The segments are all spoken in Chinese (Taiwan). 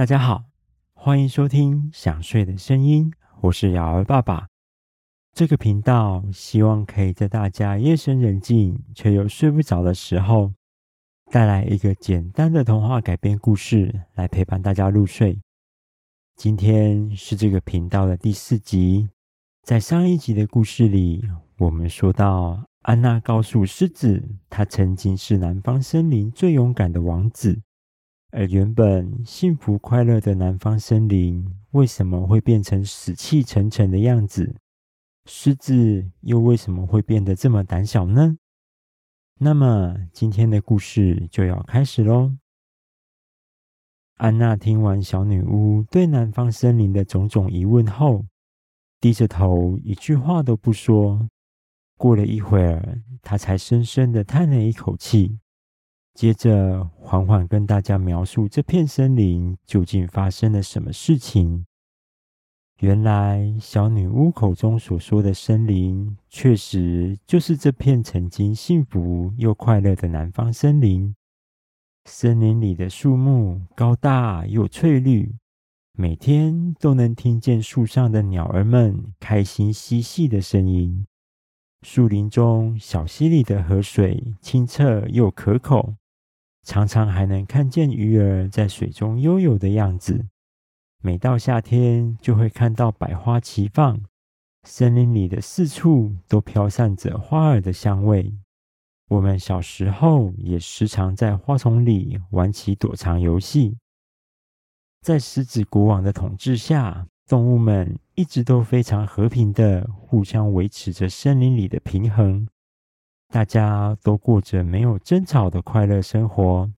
大家好，歡迎收聽《想睡的聲音》，我是堯兒爸爸。這個頻道希望可以在大家夜深人靜卻又睡不着的時候，帶來一個簡單的童話改編故事來陪伴大家入睡。今天是這個頻道的第四集，在上一集的故事裡，我們說到安娜告訴獅子，他曾經是南方森林最勇敢的王子。而原本幸福快樂的南方森林，為什麼會變成死氣沉沉的樣子？獅子又為什麼會變得這麼膽小呢？那麼，今天的故事就要開始嘍。安娜聽完小女巫對南方森林的種種疑問後，低着頭，一句話都不說。過了一會兒，她才深深地嘆了一口氣。接着，緩緩跟大家描述這片森林究竟發生了什麼事情。原來，小女巫口中所說的森林，確實就是這片曾經幸福又快樂的南方森林。森林裡的樹木高大又翠綠，每天都能聽見樹上的鳥兒們開心嬉戲的聲音。樹林中小溪裡的河水清澈又可口。常常還能看見魚兒在水中悠游的樣子。每到夏天，就會看到百花齊放，森林裡的四處都飄散着花兒的香味。我們小時候也時常在花叢裡玩起躲藏遊戲。在獅子國王的統治下，動物們一直都非常和平地互相維持着森林裡的平衡。大家都過着沒有爭吵的快樂生活。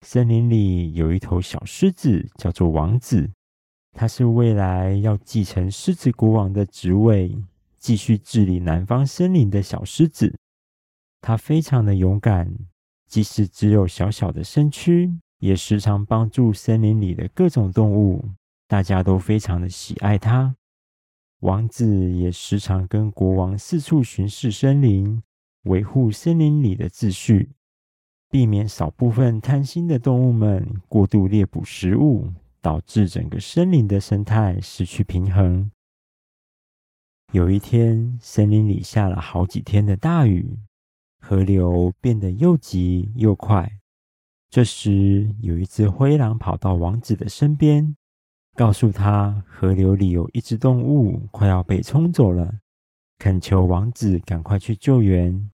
森林裡有一頭小獅子，叫做王子。他是未來要繼承獅子國王的職位，繼續治理南方森林的小獅子。他非常的勇敢，即使只有小小的身軀，也時常幫助森林裡的各種動物。大家都非常的喜愛他。王子也時常跟國王四處巡視森林。維護森林裡的秩序，避免少部分貪心的動物們過度獵捕食物，導致整個森林的生態失去平衡。有一天，森林裡下了好幾天的大雨，河流變得又急又快。這時，有一隻灰狼跑到王子的身邊，告訴他河流裡有一隻動物快要被沖走了，懇求王子趕快去救援。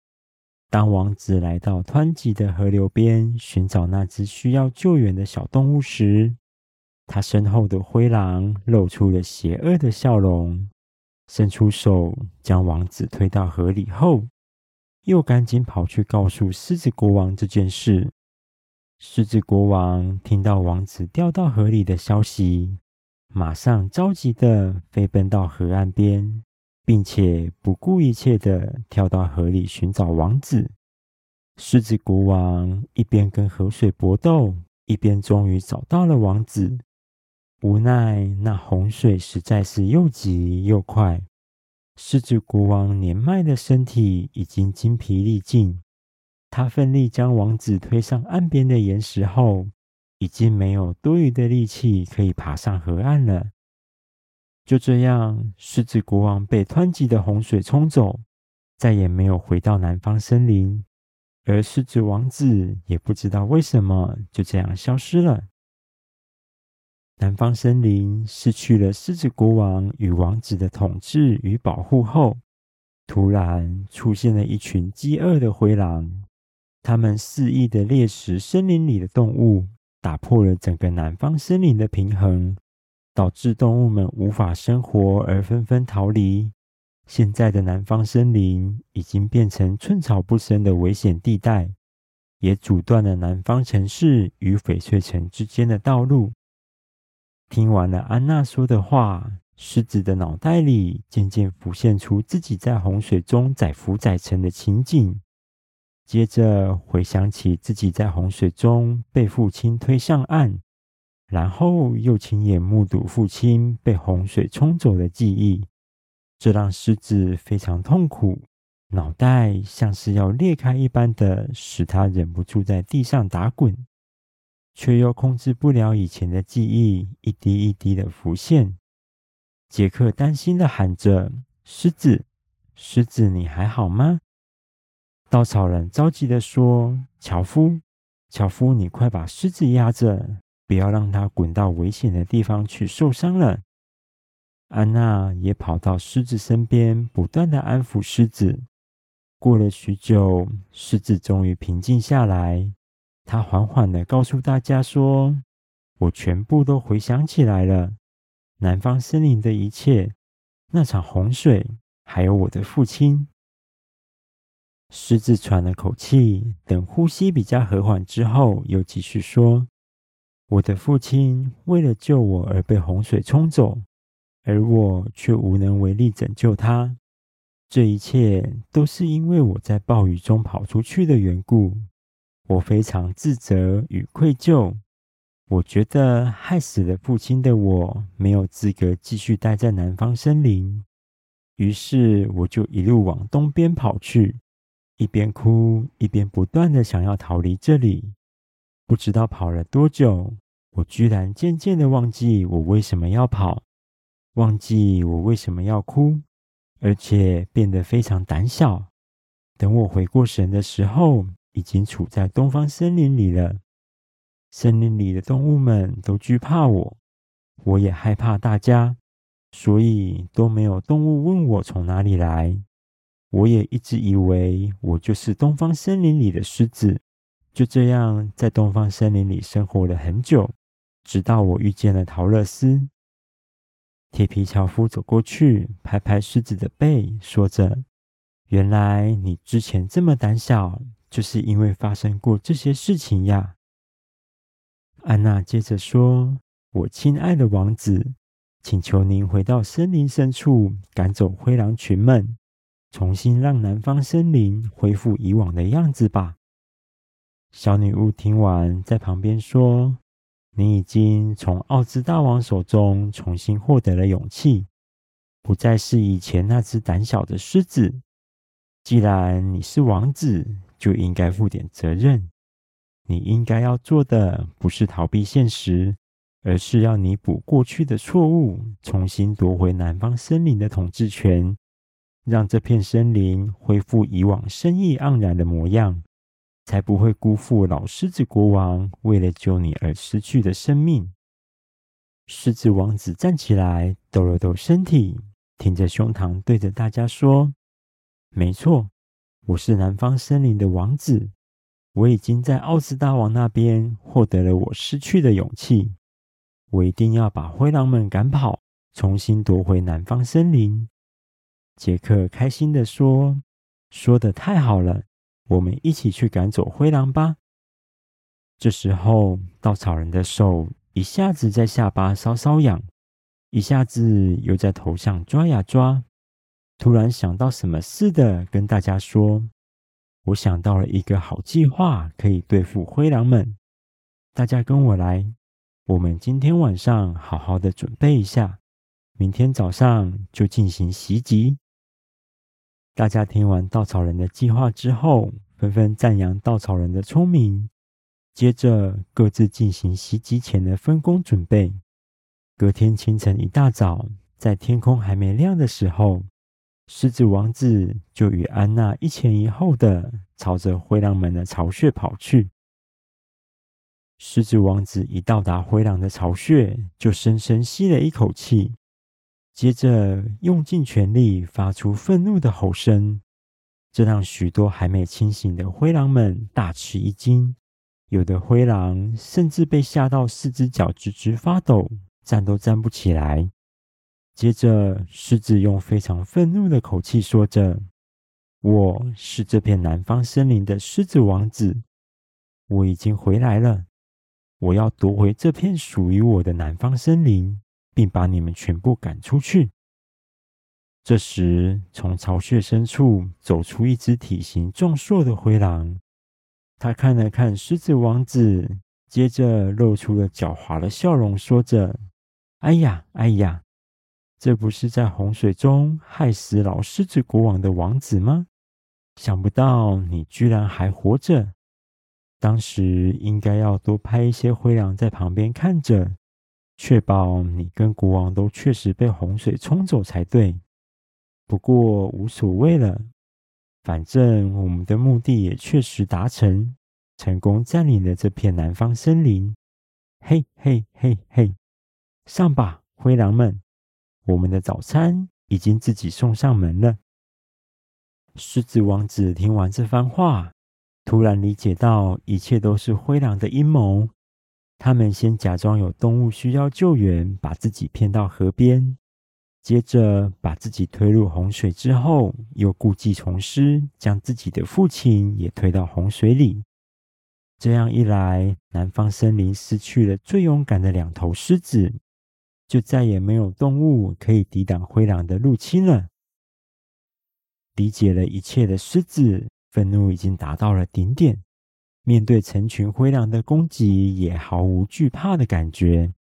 當王子來到湍急的河流邊尋找那只需要救援的小動物時，他身後的灰狼露出了邪惡的笑容，伸出手將王子推到河裡後，又趕緊跑去告訴獅子國王這件事。獅子國王聽到王子掉到河裡的消息，馬上着急地飛奔到河岸邊。並且不顧一切的跳到河裡尋找王子。獅子國王一邊跟河水搏鬥，一邊終於找到了王子。無奈那洪水實在是又急又快，獅子國王年邁的身體已經筋疲力盡。他奮力將王子推上岸邊的岩石後，已經沒有多餘的力氣可以爬上河岸了。就這樣，獅子國王被湍急的洪水沖走，再也沒有回到南方森林。而獅子王子也不知道為什麼，就這樣消失了。南方森林失去了獅子國王與王子的統治與保護後，突然出現了一群飢餓的灰狼，他們肆意的獵食森林裡的動物，打破了整個南方森林的平衡。導致動物們無法生活，而紛紛逃離。現在的南方森林已經變成寸草不生的危險地帶，也阻斷了南方城市與翡翠城之間的道路。聽完了安娜說的話，獅子的腦袋裡漸漸浮現出自己在洪水中載浮載沉的情景，接着回想起自己在洪水中被父親推上岸。然後又親眼目睹父親被洪水沖走的記憶，這讓獅子非常痛苦，腦袋像是要裂開一般的，使他忍不住在地上打滾，卻又控制不了以前的記憶，一滴一滴的浮現。傑克擔心的喊着：“獅子，獅子，你還好嗎？”稻草人着急的說：“樵夫，樵夫，你快把獅子壓着。”不要讓他滾到危險的地方去受傷了。安娜也跑到獅子身邊，不斷的安撫獅子。過了許久，獅子終於平靜下來。他緩緩的告訴大家說：“我全部都回想起來了，南方森林的一切，那場洪水，還有我的父親。”獅子喘了口氣，等呼吸比較和緩之後，又繼續說。我的父親為了救我而被洪水沖走，而我卻無能為力拯救他。這一切都是因為我在暴雨中跑出去的緣故。我非常自責與愧疚，我覺得害死了父親的我沒有資格繼續待在南方森林。於是我就一路往東邊跑去，一邊哭一邊不斷地想要逃離這裡。不知道跑了多久。我居然漸漸的忘記我為什麼要跑，忘記我為什麼要哭，而且變得非常膽小。等我回過神的時候，已經處在東方森林裡了。森林裡的動物們都懼怕我，我也害怕大家，所以都沒有動物問我從哪裡來。我也一直以為我就是東方森林裡的獅子，就這樣在東方森林裡生活了很久。直到我遇見了桃樂絲，鐵皮樵夫走過去，拍拍獅子的背，說着：“原來你之前這麼膽小，就是因為發生過這些事情呀。”安娜接着說：“我親愛的王子，請求您回到森林深處，趕走灰狼群們，重新讓南方森林恢復以往的樣子吧。”小女巫聽完，在旁邊說。你已經從奧茲大王手中重新獲得了勇氣，不再是以前那只膽小的獅子。既然你是王子，就應該負點責任。你應該要做的不是逃避現實，而是要彌補過去的錯誤，重新奪回南方森林的統治權，讓這片森林恢復以往生意盎然的模樣。才不會辜負老獅子國王為了救你而失去的生命。獅子王子站起來，抖了抖身體，挺着胸膛，對着大家說：“沒錯，我是南方森林的王子。我已經在奧茲大王那邊獲得了我失去的勇氣。我一定要把灰狼們趕跑，重新奪回南方森林。”傑克開心地說：“說的太好了！”我們一起去趕走灰狼吧！這時候，稻草人的手一下子在下巴搔搔癢，一下子又在頭上抓呀抓，突然想到什麼似的，跟大家說：“我想到了一個好計劃，可以對付灰狼們。大家跟我來，我們今天晚上好好的準備一下，明天早上就進行襲擊。”大家聽完稻草人的計劃之後，紛紛讚揚稻草，稻草人的聰明。接着，各自進行襲擊前的分工準備。隔天清晨一大早，在天空還沒亮的時候，獅子王子就與安娜一前一後的朝着灰狼們的巢穴跑去。獅子王子一到達灰狼的巢穴，就深深吸了一口氣。接着，用盡全力發出憤怒的吼聲，這讓許多還沒清醒的灰狼們大吃一驚。有的灰狼甚至被嚇到，四只腳直直發抖，站都站不起來。接着，獅子用非常憤怒的口氣說着：“我是這片南方森林的獅子王子，我已經回來了，我要奪回這片屬於我的南方森林。”並把你們全部趕出去。這時，從巢穴深處走出一隻體型壯碩的灰狼。他看了看獅子王子，接着露出了狡猾的笑容，說着：“哎呀，哎呀，這不是在洪水中害死老獅子國王的王子嗎？想不到你居然還活着！當時應該要多派一些灰狼在旁邊看着。”確保你跟國王都確實被洪水沖走才對。不過無所謂了，反正我們的目的也確實達成，成功佔領了這片南方森林。嘿嘿嘿嘿，上吧，灰狼們，我們的早餐已經自己送上門了。獅子王子聽完這番話，突然理解到一切都是灰狼的陰謀。他們先假裝有動物需要救援，把自己騙到河邊，接着把自己推入洪水，之後又故伎重施，將自己的父親也推到洪水裡。這樣一來，南方森林失去了最勇敢的兩頭獅子，就再也沒有動物可以抵擋灰狼的入侵了。理解了一切的獅子，憤怒已經達到了頂點。面對成群灰狼的攻擊，也毫無懼怕的感覺，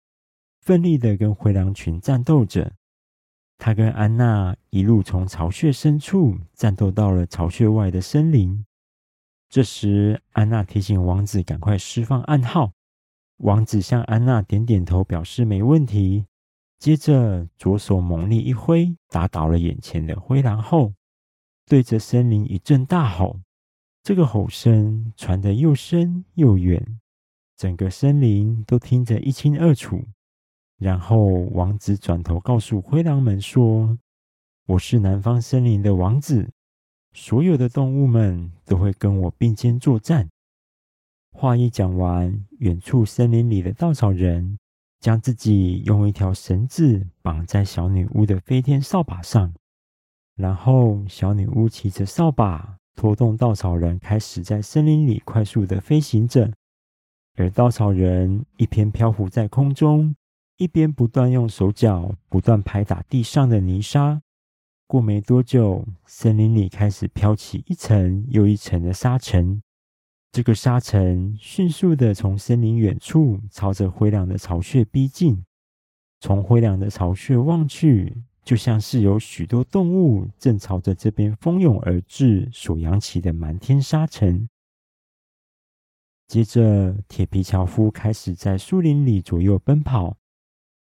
奮力的跟灰狼群戰鬥着。他跟安娜一路從巢穴深處戰鬥到了巢穴外的森林。這時，安娜提醒王子趕快釋放暗號。王子向安娜點點頭，表示沒問題。接着，着，左手猛力一揮，打倒了眼前的灰狼後，對着森林一陣大吼。這個吼聲傳得又深又遠，整個森林都聽得一清二楚。然後王子轉頭告訴灰狼們說：“我是南方森林的王子，所有的動物們都會跟我並肩作戰。”話一講完，遠處森林裡的稻草人將自己用一條繩子綁在小女巫的飛天掃把上，然後小女巫騎着掃把。拖動稻草人開始在森林裡快速的飛行着，而稻草人一邊漂浮在空中，一邊不斷用手腳不斷拍打地上的泥沙。過沒多久，森林裡開始飄起一層又一層的沙塵，這個沙塵迅速的從森林遠處朝着灰狼的巢穴逼近。從灰狼的巢穴望去。就像是有許多動物正朝着這邊蜂擁而至所揚起的漫天沙塵。接着，鐵皮樵夫開始在樹林裡左右奔跑。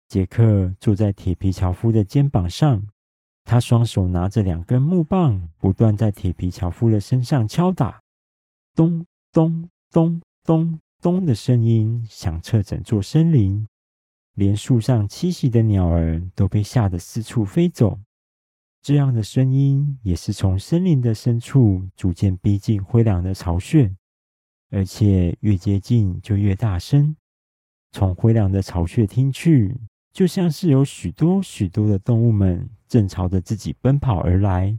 傑克坐在鐵皮樵夫的肩膀上，他雙手拿着兩根木棒，不斷在鐵皮樵夫的身上敲打，咚咚咚咚咚，咚的聲音響徹整座森林。連樹上棲息的鳥兒都被嚇得四處飛走。這樣的聲音也是從森林的深處逐漸逼近灰狼的巢穴，而且越接近就越大聲。從灰狼的巢穴聽去，就像是有許多許多的動物們正朝着自己奔跑而來。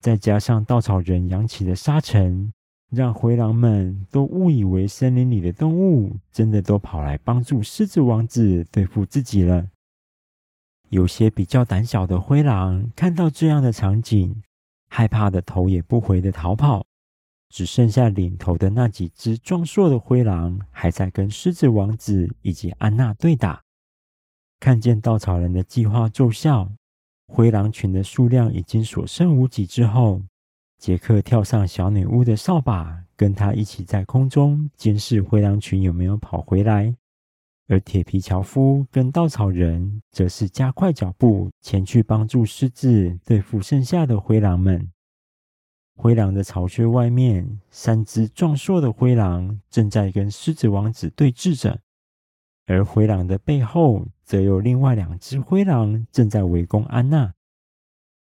再加上稻草人揚起的沙塵。讓灰狼們都誤以為森林裡的動物真的都跑來幫助獅子王子對付自己了。有些比較膽小的灰狼看到這樣的場景，害怕的頭也不回的逃跑，只剩下領頭的那幾只壯碩的灰狼還在跟獅子王子以及安娜對打。看見稻草人的計劃奏效，灰狼群的數量已經所剩無幾之後。傑克跳上小女巫的掃把，跟她一起在空中監視灰狼群有沒有跑回來。而鐵皮樵夫跟稻草人則是加快腳步前去幫助獅子對付剩下的灰狼們。灰狼的巢穴外面，三隻壯碩的灰狼正在跟獅子王子對峙着，而灰狼的背後則有另外兩隻灰狼正在圍攻安娜。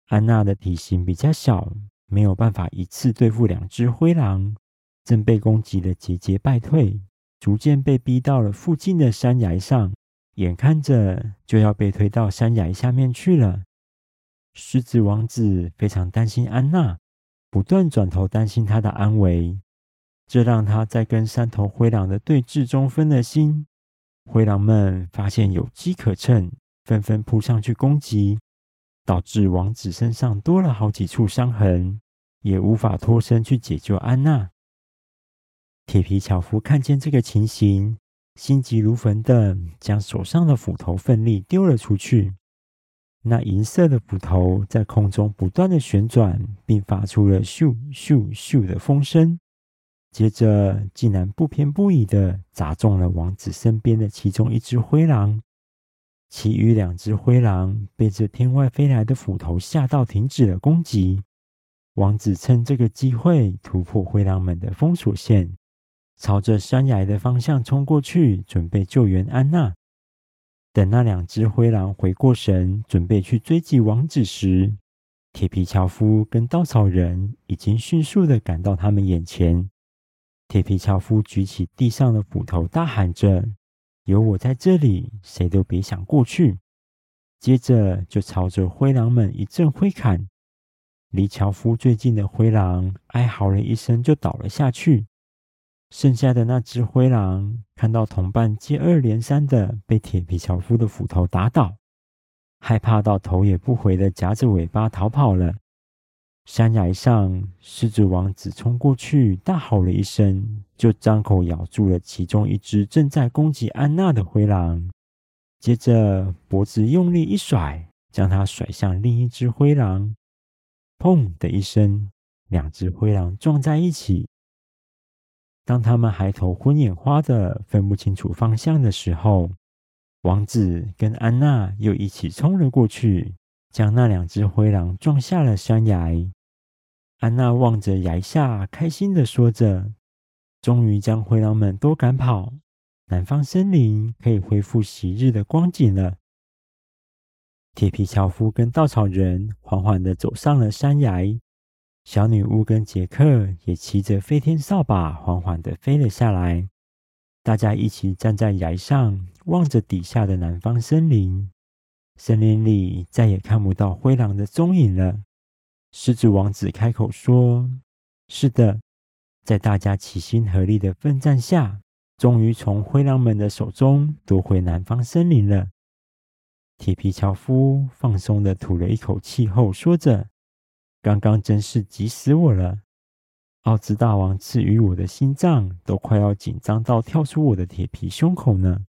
安娜的體型比較小。沒有辦法一次對付兩隻灰狼，正被攻擊得節節敗退，逐漸被逼到了附近的山崖上，眼看着就要被推到山崖下面去了。獅子王子非常擔心安娜，不斷轉頭擔心她的安危，這讓他在跟山頭灰狼的對峙中分了心。灰狼們發現有機可乘，紛紛撲上去攻擊。導致王子身上多了好幾處傷痕，也無法脫身去解救安娜。鐵皮樵夫看見這個情形，心急如焚地將手上的斧頭奮力丟了出去。那銀色的斧頭在空中不斷的旋轉，並發出了咻咻咻的風聲，接着竟然不偏不倚地砸中了王子身邊的其中一隻灰狼。其餘兩隻灰狼被這天外飛來的斧頭嚇到，停止了攻擊。王子趁這個機會突破灰狼們的封鎖線，朝着山崖的方向衝過去，準備救援安娜。等那兩隻灰狼回過神，準備去追擊王子時，鐵皮樵夫跟稻草人已經迅速的趕到他們眼前。鐵皮樵夫舉起地上的斧頭，大喊着。有我在這裡，誰都別想過去。接着就朝着灰狼們一陣揮砍，離樵夫最近的灰狼哀嚎了一聲，就倒了下去。剩下的那隻灰狼看到同伴接二連三的被鐵皮樵夫的斧頭打倒，害怕到頭也不回的夾着尾巴逃跑了。山崖上，獅子王子衝過去，大吼了一聲，就張口咬住了其中一隻正在攻擊安娜的灰狼。接着，脖子用力一甩，將它甩向另一隻灰狼。砰的一聲，兩隻灰狼撞在一起。當他們還頭昏眼花的，分不清楚方向的時候，王子跟安娜又一起衝了過去。將那兩隻灰狼撞下了山崖。安娜望着崖下，開心的說着：“終於將灰狼們都趕跑，南方森林可以恢復昔日的光景了。”鐵皮樵夫跟稻草人緩緩的走上了山崖，小女巫跟傑克也騎着飛天掃把緩緩的飛了下來。大家一起站在崖上，望着底下的南方森林。森林裡再也看不到灰狼的蹤影了。獅子王子開口說：“是的，在大家齊心合力的奮戰下，終於從灰狼們的手中奪回南方森林了。”鐵皮樵夫放鬆的吐了一口氣後，說着：“剛剛真是急死我了！奧茲大王賜予我的心臟都快要緊張到跳出我的鐵皮胸口呢。”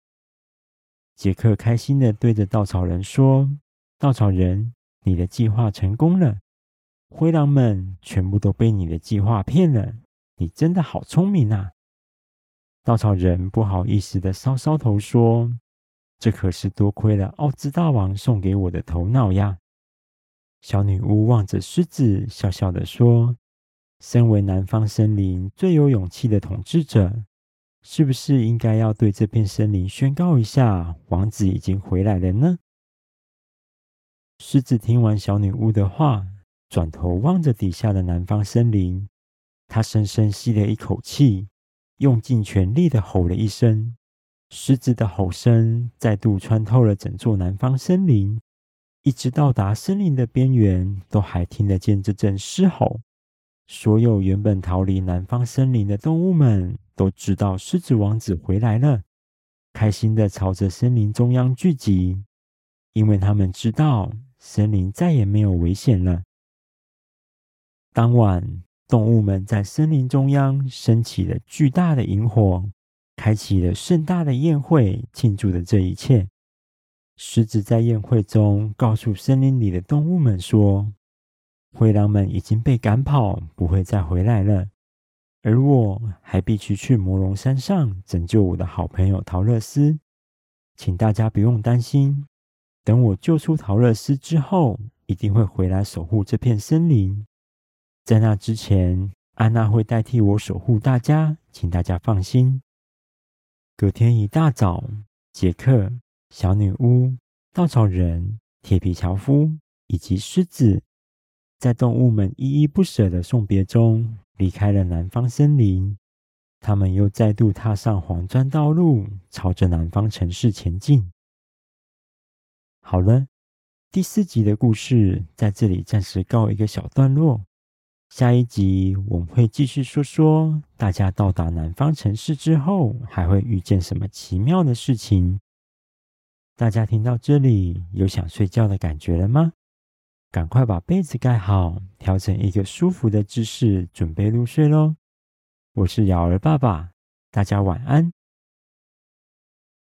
傑克開心的對着稻草人說：“稻草人，你的計劃成功了，灰狼們全部都被你的計劃騙了。你真的好聰明吶、啊！”稻草人不好意思的搔搔頭說：“這可是多虧了奧茲大王送給我的頭腦呀。”小女巫望着獅子，笑笑的說：“身為南方森林最有勇氣的統治者。”是不是應該要對這片森林宣告一下，王子已經回來了呢？獅子聽完小女巫的話，轉頭望着底下的南方森林，他深深吸了一口氣，用盡全力的吼了一聲。獅子的吼聲再度穿透了整座南方森林，一直到達森林的邊緣，都還聽得見這陣獅吼。所有原本逃離南方森林的動物們，都知道獅子王子回來了，開心的朝着森林中央聚集，因為他們知道森林再也沒有危險了。當晚，動物們在森林中央升起了巨大的營火，開啟了盛大的宴會，慶祝的這一切。獅子在宴會中告訴森林裡的動物們說：“灰狼們已經被趕跑，不會再回來了。”而我還必須去魔龍山上拯救我的好朋友桃樂絲，請大家不用擔心。等我救出桃樂絲之後，一定會回來守護這片森林。在那之前，安娜會代替我守護大家，請大家放心。隔天一大早，傑克、小女巫、稻草人、鐵皮樵夫以及獅子，在動物們依依不捨的送別中。離開了南方森林，他們又再度踏上黃磚道路，朝着南方城市前進。好了，第四集的故事在這裡暫時告一個小段落。下一集我們會繼續說說大家到達南方城市之後還會遇見什麼奇妙的事情。大家聽到這裡有想睡覺的感覺了嗎？趕快把被子蓋好，調整一個舒服的姿勢，準備入睡嘍。我是堯兒爸爸，大家晚安。